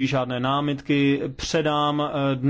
žádné námitky, předám eh, dnešní